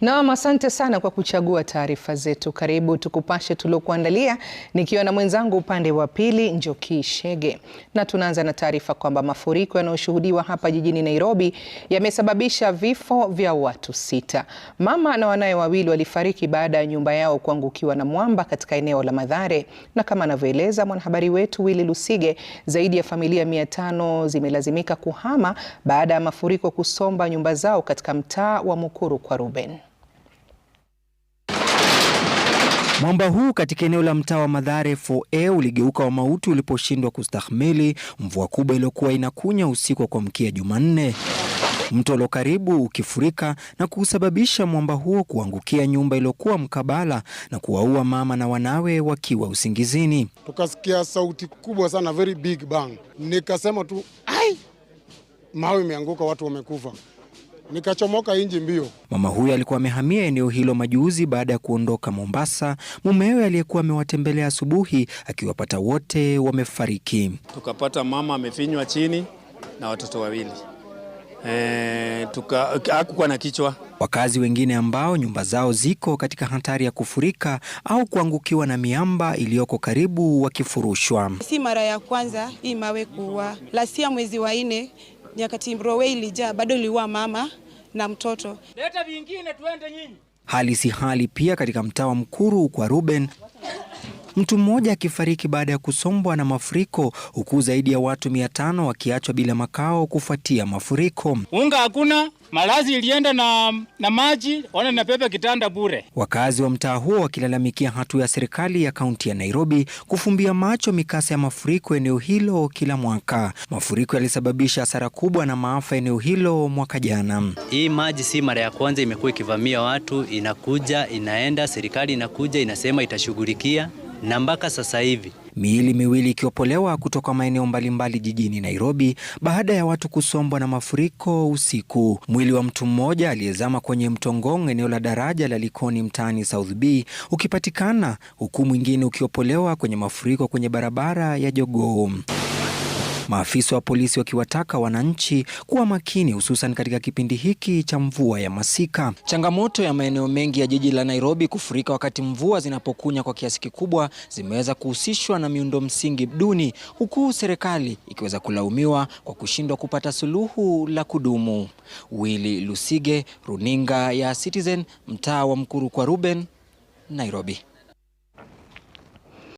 Naam, asante sana kwa kuchagua taarifa zetu. Karibu tukupashe tuliokuandalia, nikiwa na mwenzangu upande wa pili Njoki Shege, na tunaanza na taarifa kwamba mafuriko yanayoshuhudiwa hapa jijini Nairobi yamesababisha vifo vya watu sita. Mama na wanawe wawili walifariki baada ya nyumba yao kuangukiwa na mwamba katika eneo la Mathare, na kama anavyoeleza mwanahabari wetu Willy Lusige, zaidi ya familia mia tano zimelazimika kuhama baada ya mafuriko kusomba nyumba zao katika mtaa wa Mukuru kwa Ruben. Mwamba huu katika eneo la mtaa wa Mathare 4A uligeuka wa mauti uliposhindwa kustahimili mvua kubwa iliyokuwa inakunya usiku wa kuamkia Jumanne, mto ulio karibu ukifurika na kusababisha mwamba huo kuangukia nyumba iliyokuwa mkabala na kuwaua mama na wanawe wakiwa usingizini. Tukasikia sauti kubwa sana, very big bang. Nikasema tu ai, mawe imeanguka, watu wamekufa nikachomoka inji mbio. Mama huyo alikuwa amehamia eneo hilo majuzi baada ya kuondoka Mombasa. Mumewe aliyekuwa amewatembelea asubuhi akiwapata wote wamefariki. Tukapata mama amefinywa chini na watoto wawili. E, na kichwa. Wakazi wengine ambao nyumba zao ziko katika hatari ya kufurika au kuangukiwa na miamba iliyoko karibu wakifurushwa. Si mara ya kwanza hii mawe kuwa lasia, mwezi wa nne nyakati Mrowe ilijaa bado iliua mama na mtoto. Leta vingine tuende nyinyi. Hali si hali pia katika mtaa wa Mkuru kwa Ruben Mtu mmoja akifariki baada ya kusombwa na mafuriko, huku zaidi ya watu mia tano wakiachwa bila makao kufuatia mafuriko. Unga hakuna, malazi ilienda na, na maji, ona inapepa kitanda bure. Wakazi wa mtaa huo wakilalamikia hatua ya serikali ya kaunti ya Nairobi kufumbia macho mikasa ya mafuriko eneo hilo kila mwaka. Mafuriko yalisababisha hasara kubwa na maafa eneo hilo mwaka jana. Hii maji si mara ya kwanza imekuwa ikivamia watu, inakuja inaenda, serikali inakuja inasema itashughulikia na mpaka sasa hivi miili miwili ikiopolewa kutoka maeneo mbalimbali jijini Nairobi baada ya watu kusombwa na mafuriko usiku. Mwili wa mtu mmoja aliyezama kwenye mtongong eneo la daraja la Likoni mtaani South B ukipatikana huku mwingine ukiopolewa kwenye mafuriko kwenye barabara ya Jogoo maafisa wa polisi wakiwataka wananchi kuwa makini, hususan katika kipindi hiki cha mvua ya masika. Changamoto ya maeneo mengi ya jiji la Nairobi kufurika wakati mvua zinapokunya kwa kiasi kikubwa zimeweza kuhusishwa na miundo msingi duni, huku serikali ikiweza kulaumiwa kwa kushindwa kupata suluhu la kudumu. Willy Lusige, runinga ya Citizen, mtaa wa Mkuru kwa Ruben, Nairobi.